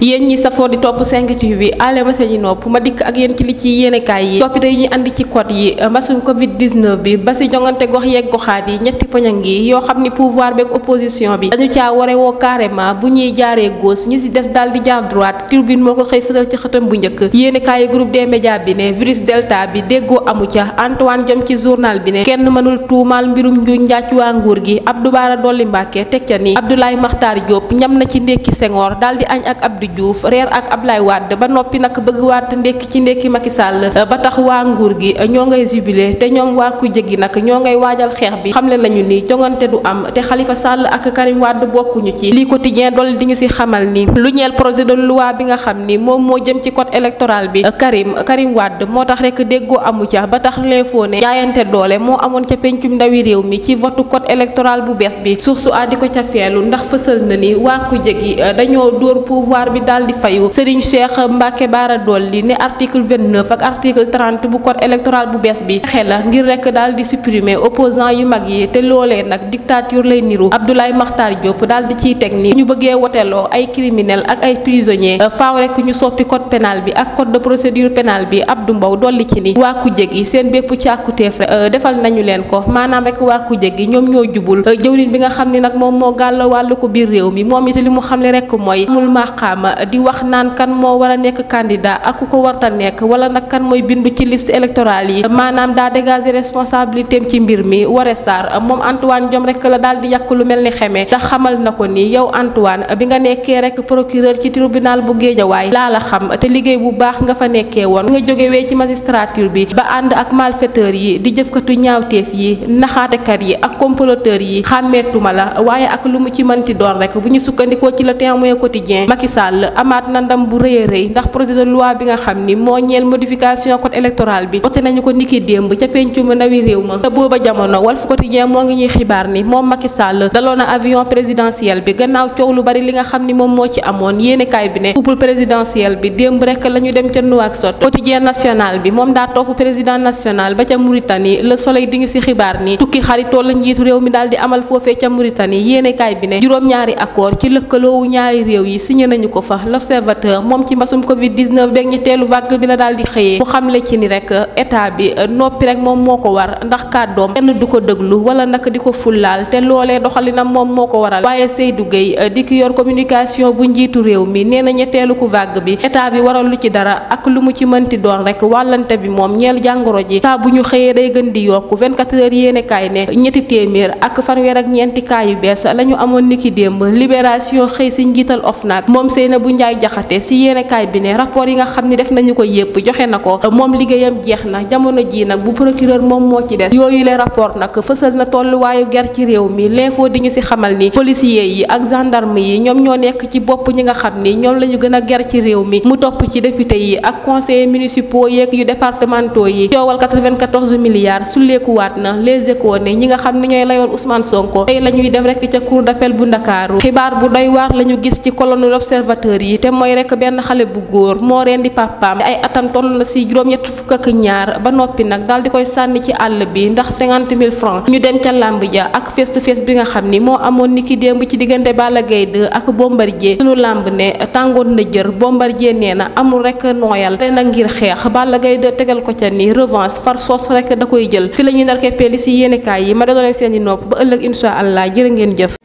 yéen ñi safoo di topp 5 bi ale ba seeni nopp ma dikk ak yéen ci li ci yéenekaay yi coppite yi ñu andi ci code yi mbasum covid bi ba si jongante gox yeeg goxaat yi ñetti poñang yi yoo xam ni pouvoir beeg opposition bi dañu caa ware woo carrément bu ñuy jaaree gauche ñi si des daal di jaar droite turbine moo ko xëy fësal ci xëtam bu njëkk yéenekaay yi groupe des médias bi ne virus delta bi déggoo amu ca Antoine Diome ci journal bi ne kenn mënul tuumaal mbirum njuuñ njaac waa nguur gi Abdou Bara Dolly Mbacké teg ca ni Abdoulaye Makhtar Diop ñam na ci ndékki Senghor daal di añ ak Diouf reer ak Ablaye Wade ba noppi nag bëgg waat ndekki ci ndekki Macky Sall eh, ba tax waa nguur gi eh, ñoo ngay jubilé te ñoom waa ku jéggi nag ñoo ngay waajal xeex bi xamle nañu ni jongante du am te Khalifa Sall ak Karim Wade bokkuñu ci lii quotidien dolli di ñu si xamal ni lu ñeel projet de loi bi nga xam ni moom moo jëm ci code électoral bi eh, Karim Karim Wade moo tax rek déggoo amu ca ba tax l'info ne jaayante doole moo amoon ca pencum ndawi réew mi ci votu code électoral bu bees bi source a di ko ca feelu ndax fësal na ni waa ku jéggi bi daal di fayu Serigne Cheikh Mbacke Bara Dolly ne article 29 ak article 30 bu code électoral bu bees bi xel la ngir rek daal di supprimer opposant yu mag yi te loolee nag dictature lay niru Abdoulaye Makhtar Diop daal di ciy teg nii ñu bëggee woteloo ay criminel ak ay prisonnier faaw rek ñu soppi code pénal bi ak code de procédure pénale bi Abdou Mbow dolli ci ni waa kujje gi seen bépp càkkutéef rek euh, defal nañu leen ko maanaam rek waa kujje gi ñoom ñoo jubul euh, jëwriñ bi nga xam ne nag moom moo gàll wàllu ko biir réew mi moom it li mu xamle rek mooy di wax naan kan moo war a nekk candidat ak ku ko warta nekk wala na kan mooy bindu ci liste électorale yi maanaam daa dégager responsabilité am ci mbir mi Woré Sarr moom Antoine jom rek la daal di yàq lu mel ni xeme te xamal na ko ni yow Antoine bi nga nekkee rek procureur ci tribunal bu Géejawaay laa la xam te liggéey bu baax nga fa nekkee woon nga joge jógewee ci magistrature bi ba ànd ak malfaiteur yi di jëfkatu ñaawteef yi naxaatekat yi ak comploteur yi xàmmeetuma la waaye ak lu mu ci mënti doon rek bu ñu sukkandikoo ci le Sall amaat na ndam bu rëy rëy ndax projet de bi nga xam ni moo ñeel modification code électoral bi wote nañu ko niki démb ca pencum ndawi réew ma te booba jamono Walf Quotidien moo ngi ñuy xibaar ni moom Macky Sall daloon na avion présidentiel bi gannaaw coow lu bari li nga xam ni moom moo ci amoon yéenekaay bi ne couple présidentiel bi démb rek la dem ca Nouakchott quotidien national bi moom daa topp président national ba ca Mauritanie Le Soleil di ñu si xibaar ni tukki xaritoo la njiitu réew mi daal di amal foofee ca Mauritanie yéenekaay bi fa l'observateur moom ci mbasum Covid 19 beeg ñetteelu vague bi la daal di xëyee mu xamle ci ni rek état bi euh, noppi rek moom moo ko war ndax kàddoom kenn du ko déglu wala nag di ko fullaal te loolee doxalinam moom moo ko waral waaye Seydou Gueye euh, di ki yor communication bu njiitu réew mi nee na ñetteelu ku vague bi état bi waral lu ci dara ak lu mu ci mënti doon rek wàllante bi moom ñeel jàngoro ji saa bu ñu xëyee day gën di yokku 24 heures yéene kaay ne ñetti téeméer ak fanweer ak ñeenti kaay bu Njaay Jaxate si yéenekaay bi ne rapport yi nga xam ni def nañu ko yépp joxe na ko moom liggéeyam jeex na jamono ji nag bu procureur moom moo ci des yooyu le rapport nag fësal na tolluwaayu ger ci réew mi l'info di ñu si xamal ni policiers yi ak gendarme yi ñoom ñoo nekk ci bopp ñi nga xam ni ñoom la ñu a ger ci réew mi mu topp ci député yi ak conseillers municipaux yeeg yu départementaux yi coowal milliards sulleekuwaat na les échos ne ñi nga xam ni ñooy kër yi te mooy rek benn xale bu góor moo reen di papaam ay atam toll na si juróom-ñett fukk ak ñaar ba noppi nag daal di koy sànni ci àll bi ndax cinquante mille francs ñu dem ca làmb ja ak face to face bi nga xam ni moo amoon ni ki démb ci diggante Balla Gaye 2 ak Bombardier sunu làmb ne tàngoon na jër Bombardier nee na amul rek nooyal ren nag ngir xeex Balla Gaye 2 tegal ko ca ni revanche far soos rek da koy jël fi la ñuy nar keppee li si yi ma delloo leen ëllëg incha allah jërë ngeen jëf